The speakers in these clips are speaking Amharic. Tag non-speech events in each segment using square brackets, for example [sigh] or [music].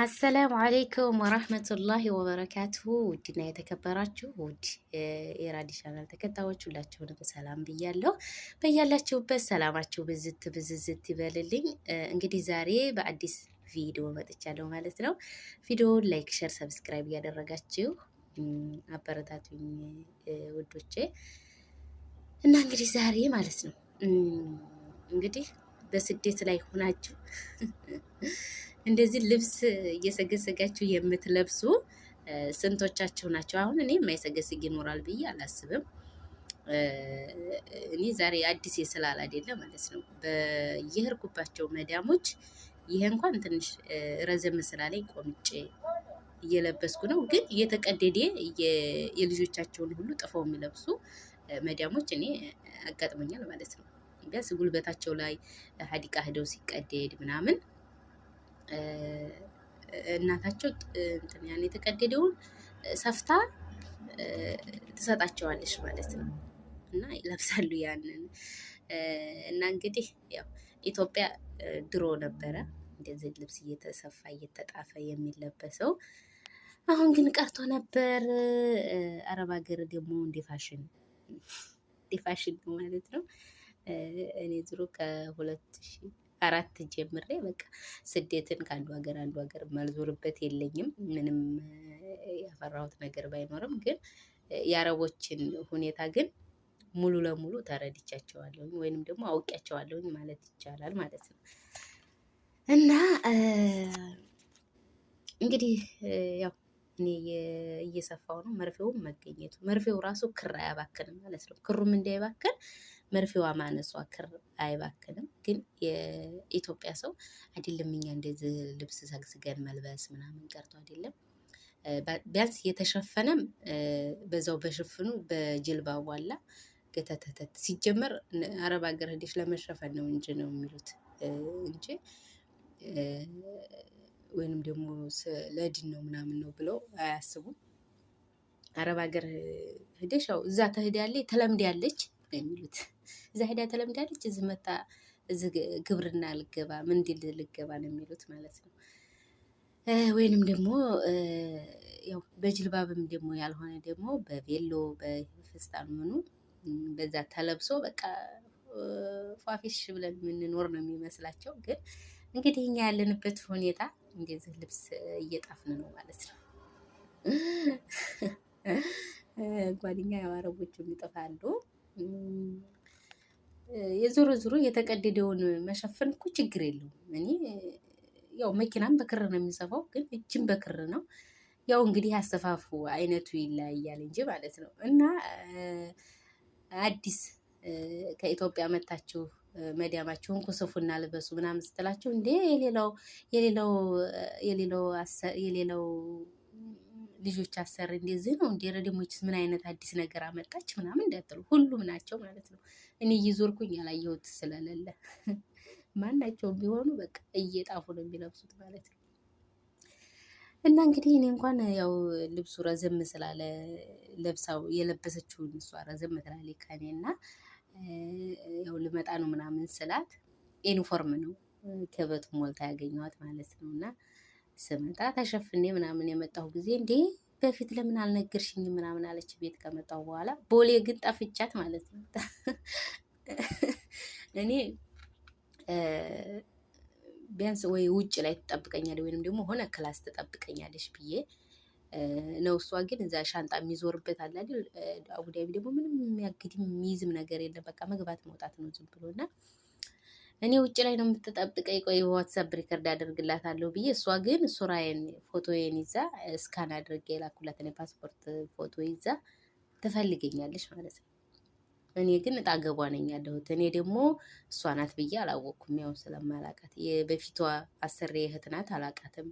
አሰላሙ አሌይኩም ወረህመቱላሂ ወበረካቱሁ። ውድና የተከበራችሁ ውድ የራዲ ቻናል ተከታዮች ሁላችሁንም ሰላም ብያለሁ። በያላችሁበት ሰላማችሁ ብዝት ብዝዝት ይበልልኝ። እንግዲህ ዛሬ በአዲስ ቪዲዮ መጥቻለሁ ማለት ነው። ቪዲዮውን ላይክ፣ ሸር፣ ሰብስክራይብ እያደረጋችሁ አበረታቱኝ ውዶቼ እና እንግዲህ ዛሬ ማለት ነው እንግዲህ በስደት ላይ ሆናችሁ እንደዚህ ልብስ እየሰገሰጋችሁ የምትለብሱ ስንቶቻችሁ ናቸው? አሁን እኔ የማይሰገስግ ይኖራል ብዬ አላስብም። እኔ ዛሬ አዲስ የስላል አይደለ ማለት ነው። በየህርኩባቸው መዳሞች ይሄ እንኳን ትንሽ ረዘም ስላለኝ ቆምጬ እየለበስኩ ነው። ግን እየተቀደደ የልጆቻቸውን ሁሉ ጥፈው የሚለብሱ መዳሞች እኔ አጋጥሞኛል ማለት ነው። ቢያንስ ጉልበታቸው ላይ ሀዲቃ ሂደው ሲቀደድ ምናምን እናታቸው እንትን ያን የተቀደደውን ሰፍታ ትሰጣቸዋለች ማለት ነው። እና ይለብሳሉ ያንን እና እንግዲህ ያው ኢትዮጵያ ድሮ ነበረ እንደዚህ ልብስ እየተሰፋ እየተጣፈ የሚለበሰው። አሁን ግን ቀርቶ ነበር። አረብ ሀገር ደግሞ እንደ ፋሽን ማለት ነው። እኔ ድሮ ከሁለት ሺህ ከአራት ጀምሬ በቃ ስደትን ከአንዱ ሀገር አንዱ ሀገር መልዞርበት የለኝም። ምንም ያፈራሁት ነገር ባይኖርም ግን የአረቦችን ሁኔታ ግን ሙሉ ለሙሉ ተረድቻቸዋለሁ ወይንም ደግሞ አውቂያቸዋለሁ ማለት ይቻላል ማለት ነው እና እንግዲህ ያው እኔ እየሰፋው ነው። መርፌውም መገኘቱ መርፌው ራሱ ክር አያባክንም ማለት ነው። ክሩም እንዳይባክን መርፌዋ ማነሷ ክር አይባክንም። ግን የኢትዮጵያ ሰው አይደለም እኛ እንደዚህ ልብስ ሰግስገን መልበስ ምናምን ቀርቶ አይደለም ቢያንስ የተሸፈነም በዛው በሽፍኑ በጀልባ ዋላ ገተተተት ሲጀመር አረብ ሀገር ሄደሽ ለመሸፈን ነው እንጂ ነው የሚሉት እንጂ ወይንም ደግሞ ለድን ነው ምናምን ነው ብለው አያስቡም። አረብ ሀገር ሄደሽ ያው እዛ ተለምድ ያለች ነው የሚሉት። እዛ ሄዳ ተለምዳለች፣ እዚህ መታ እዚህ ግብርና ልገባ ምንድል ልገባ ነው የሚሉት ማለት ነው። ወይንም ደግሞ ያው በጅልባብም ደግሞ ያልሆነ ደግሞ በቬሎ በፌስታል ምኑ በዛ ተለብሶ በቃ ፏፊሽ ብለን የምንኖር ነው የሚመስላቸው። ግን እንግዲህ እኛ ያለንበት ሁኔታ እንደዚህ ልብስ እየጣፍን ነው ማለት ነው። ጓደኛ ያው አረቦቹም የዞሮ ዞሮ የተቀደደውን መሸፈን እኮ ችግር የለውም። እኔ ያው መኪናም በክር ነው የሚሰፋው፣ ግን እጅም በክር ነው። ያው እንግዲህ አሰፋፉ አይነቱ ይለያያል እንጂ ማለት ነው። እና አዲስ ከኢትዮጵያ መታችሁ መዲያማችሁን ኩስፉና ልበሱ ምናምን ስትላችሁ እንዴ የሌላው የሌላው የሌላው ልጆች አሰር እንደዚህ ነው እንዴ? ረደሞችስ ምን አይነት አዲስ ነገር አመጣች ምናምን እንዳትሉ፣ ሁሉም ናቸው ማለት ነው። እኔ እየዞርኩኝ ያላየሁት ስለሌለ [laughs] ማናቸውም ቢሆኑ በቃ እየጣፉ ነው የሚለብሱት ማለት ነው። እና እንግዲህ እኔ እንኳን ያው ልብሱ ረዘም ስላለ ለብሳው የለበሰችውን እሷ ረዘም ትላለች ከኔ እና ያው ልመጣ ነው ምናምን ስላት ዩኒፎርም ነው ከበቱ ሞልታ ያገኘዋት ማለት ነው እና ስመጣ ተሸፍኔ ምናምን የመጣሁ ጊዜ እንዴ በፊት ለምን አልነገርሽኝ ምናምን አለች። ቤት ከመጣሁ በኋላ ቦሌ ግን ጠፍቻት ማለት ነው። [laughs] እኔ ቢያንስ ወይ ውጭ ላይ ትጠብቀኛለች ወይንም ደግሞ ሆነ ክላስ ትጠብቀኛለች ብዬ ነው። እሷ ግን እዛ ሻንጣ የሚዞርበት አለ አይደል? አቡዳቢ ደግሞ ምንም የሚያግድም የሚይዝም ነገር የለም። በቃ መግባት መውጣት ነው ዝም ብሎ እና እኔ ውጭ ላይ ነው የምትጠብቀኝ። ቆይ በዋትሳፕ ሪከርድ አደርግላታለሁ ብዬ እሷ ግን ሱራዬን ፎቶዬን ይዛ እስካን አድርጌ የላኩላትን ፓስፖርት ፎቶ ይዛ ትፈልገኛለች ማለት ነው። እኔ ግን እጣገቧ ነኝ ያለሁት። እኔ ደግሞ እሷ ናት ብዬ አላወቅኩም። ያው ስለማላቃት በፊቷ አሰሬ እህት ናት አላቃትም።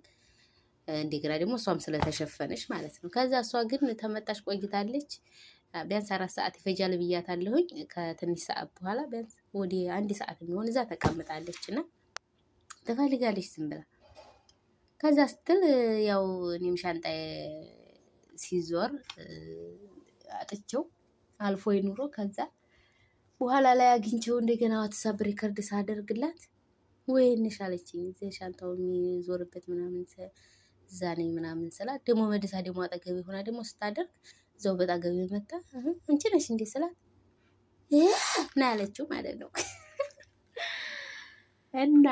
እንደገና ደግሞ እሷም ስለተሸፈነች ማለት ነው። ከዛ እሷ ግን ተመጣች ቆይታለች። ቢያንስ አራት ሰዓት ይፈጃል ብያታለሁኝ። ከትንሽ ሰዓት በኋላ ቢያንስ ወደ አንድ ሰዓት የሚሆን እዛ ተቀምጣለች እና ትፈልጋለች ዝም ብላ። ከዛ ስትል ያው እኔም ሻንጣ ሲዞር አጥቼው አልፎ ይኑሮ ከዛ በኋላ ላይ አግኝቼው እንደገና ዋትሳፕ ሪከርድ ሳደርግላት ወይ እንሻለችኝ እዚህ ሻንጣው የሚዞርበት ምናምን እዛ ነኝ ምናምን ስላት ደግሞ መደሳ ደግሞ አጠገብ የሆና ደግሞ ስታደርግ ዘው በጣ ገቢ መጣ አንቺ ነሽ እንዴ ስላት ና ያለችው ማለት ነው። እና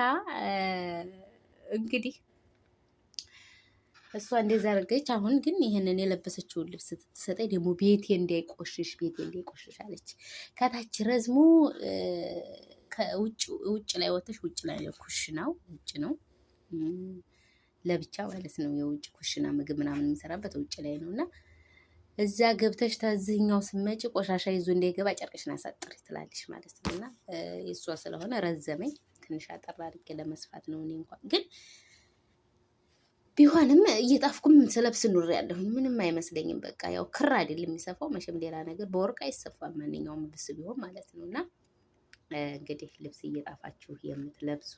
እንግዲህ እሷ እንደዚ አድርገች። አሁን ግን ይህንን የለበሰችውን ልብስ ስትሰጠኝ ደግሞ ቤቴ እንዳይቆሽሽ ቤቴ እንዳይቆሽሽ አለች። ከታች ረዝሞ ውጭ ላይ ወተሽ ውጭ ላይ ኩሽናው ውጭ ነው ለብቻ ማለት ነው። የውጭ ኩሽና ምግብ ምናምን የምንሰራበት ውጭ ላይ ነው እና እዛ ገብተሽ ታዝኛው ስመጪ ቆሻሻ ይዞ እንዳይገባ ጨርቅሽን አሳጥሪ ትላለች ማለት ነው። እና የእሷ ስለሆነ ረዘመኝ ትንሽ አጠር አድርጌ ለመስፋት ነው። እኔ እንኳን ግን ቢሆንም እየጣፍኩም ስለብስ ኑር ያለሁ ምንም አይመስለኝም። በቃ ያው ክር አይደል የሚሰፋው መቼም ሌላ ነገር በወርቅ አይሰፋም ማንኛውም ልብስ ቢሆን ማለት ነው። እና እንግዲህ ልብስ እየጣፋችሁ የምትለብሱ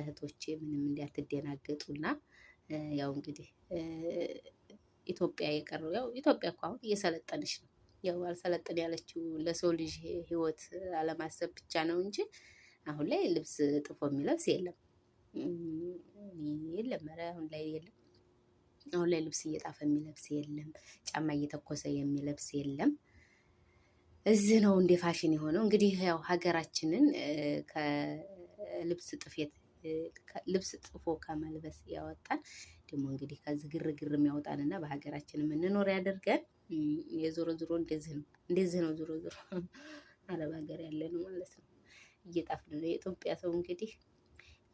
እህቶቼ ምንም እንዳትደናገጡና ያው እንግዲህ ኢትዮጵያ የቀረው ያው ኢትዮጵያ እኮ አሁን እየሰለጠነች ነው። ያው አልሰለጠን ያለችው ለሰው ልጅ ህይወት አለማሰብ ብቻ ነው እንጂ አሁን ላይ ልብስ ጥፎ የሚለብስ የለም የለም። ኧረ አሁን ላይ የለም። አሁን ላይ ልብስ እየጣፈ የሚለብስ የለም። ጫማ እየተኮሰ የሚለብስ የለም። እዚህ ነው እንደ ፋሽን የሆነው። እንግዲህ ያው ሀገራችንን ከልብስ ጥፌት ልብስ ጥፎ ከመልበስ ያወጣን ደግሞ እንግዲህ ከዚህ ግርግር የሚያወጣንና በሀገራችን የምንኖር ያደርገን። የዞሮ ዞሮ እንደዚህ ነው እንደዚህ ነው ዞሮ ዞሮ [laughs] አለም ሀገር ነው ማለት ነው። እየጣፍን ነው የኢትዮጵያ ሰው እንግዲህ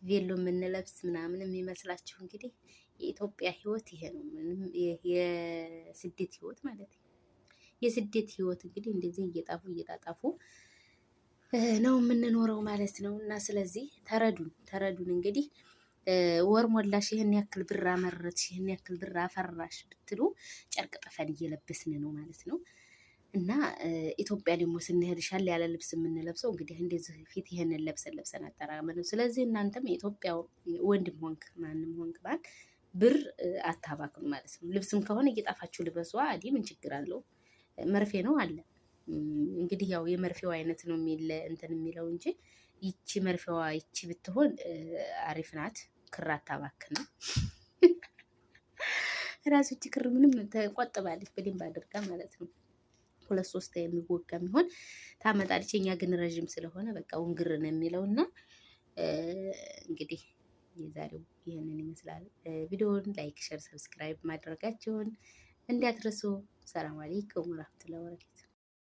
ቬሎ የምንለብስ ምናምን የሚመስላችሁ እንግዲህ የኢትዮጵያ ህይወት ይሄ ነው። የስደት ህይወት ማለት ነው። የስደት ህይወት እንግዲህ እንደዚህ እየጣፉ እየጣጣፉ ነው የምንኖረው ማለት ነው። እና ስለዚህ ተረዱን ተረዱን። እንግዲህ ወር ሞላሽ፣ ይህን ያክል ብር አመረትሽ፣ ይህን ያክል ብር አፈራሽ ብትሉ ጨርቅ ጠፈን እየለበስን ነው ማለት ነው። እና ኢትዮጵያ ደግሞ ስንሄድ ሻል ያለ ልብስ የምንለብሰው እንግዲህ እንደዚህ ፊት ይህንን ለብሰን ለብሰን አጠራቅመን ነው። ስለዚህ እናንተም የኢትዮጵያ ወንድም ሆንክ ማንም ሆንክ ባል ብር አታባክም ማለት ነው። ልብስም ከሆነ እየጣፋችሁ ልበሷ። አዲ ምን ችግር አለው? መርፌ ነው አለ እንግዲህ ያው የመርፌው አይነት ነው የሚል እንትን የሚለው እንጂ ይቺ መርፌዋ ይቺ ብትሆን አሪፍ ናት። ክር አታባክንም። ራሱ እቺ ክር ምንም ተቆጥባለች በደንብ አድርጋ ማለት ነው። ሁለት ሶስት የሚወጋ የሚሆን ታመጣለች። የኛ ግን ረዥም ስለሆነ በቃ ውንግር ነው የሚለው እና እንግዲህ የዛሬው ይህንን ይመስላል። ቪዲዮውን ላይክ፣ ሸር፣ ሰብስክራይብ ማድረጋቸውን እንዲያትረሱ። ሰላም አለይኩም ወራህመቱላሂ ወበረካቱ